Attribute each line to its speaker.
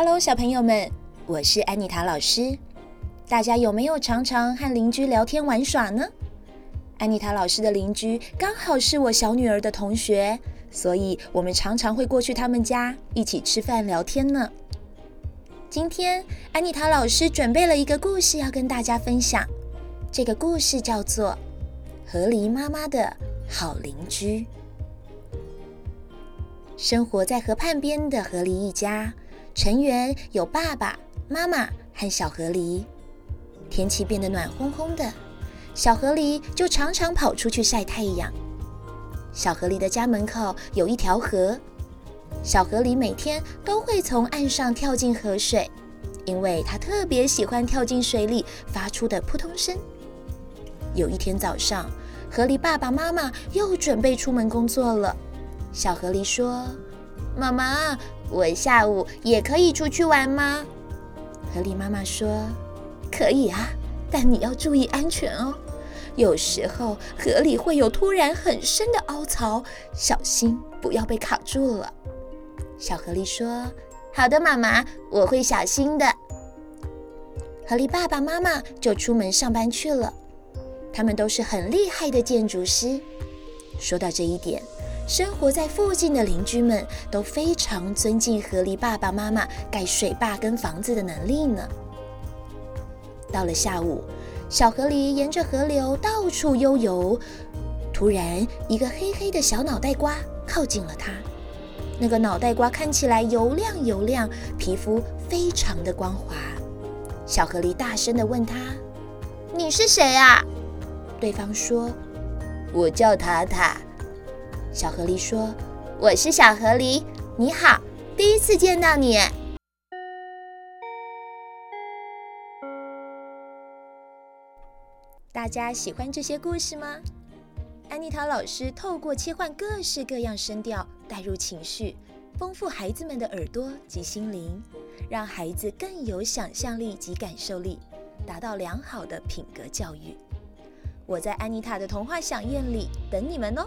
Speaker 1: 哈囉，小朋友們，我是安妮塔老師。大家有沒有常常和鄰居聊天玩耍呢？安妮塔老師的鄰居剛好是我小女兒的同學，所以我們常常會過去他們家一起吃飯聊天呢。今天安妮塔老師準備了一個故事要跟大家分享，這個故事叫做《河狸媽媽的好鄰居》。生活在河畔邊的河狸一家。成員有爸爸媽媽和小河狸。天氣變得暖烘烘的，小河狸就常常跑出去曬太陽。小河狸的家門口有一條河，小河狸每天都會從岸上跳進河水，因為它特別喜歡跳進水裡發出的撲通聲。有一天早上，河狸爸爸媽媽又準備出門工作了，小河狸說。媽媽，我下午也可以出去玩嗎？河狸媽媽說：“可以啊，但你要注意安全哦。有時候河裡會有突然很深的凹槽，小心不要被卡住了。”小河狸說：“好的，媽媽，我會小心的。”河狸爸爸媽媽就出門上班去了。他們都是很厲害的建築師。說到這一點。生活在附近的鄰居們都非常尊敬河狸爸爸媽媽蓋水壩跟房子的能力呢。到了下午，小河狸沿着河流到處悠遊。突然，一個黑黑的小腦袋瓜靠近了它。那個腦袋瓜看起來油亮油亮，皮膚非常的光滑。小河狸大聲地問他：“你是誰啊？”對方說：“我叫塔塔。”小河狸說：“我是小河狸，你好，第一次見到你。”大家喜歡這些故事嗎？安妮塔老師透過切換各式各樣聲調，帶入情緒，豐富孩子們的耳朵及心靈，讓孩子更有想象力及感受力，達到良好的品格教育。我在安妮塔的童話饗宴裡等你們哦。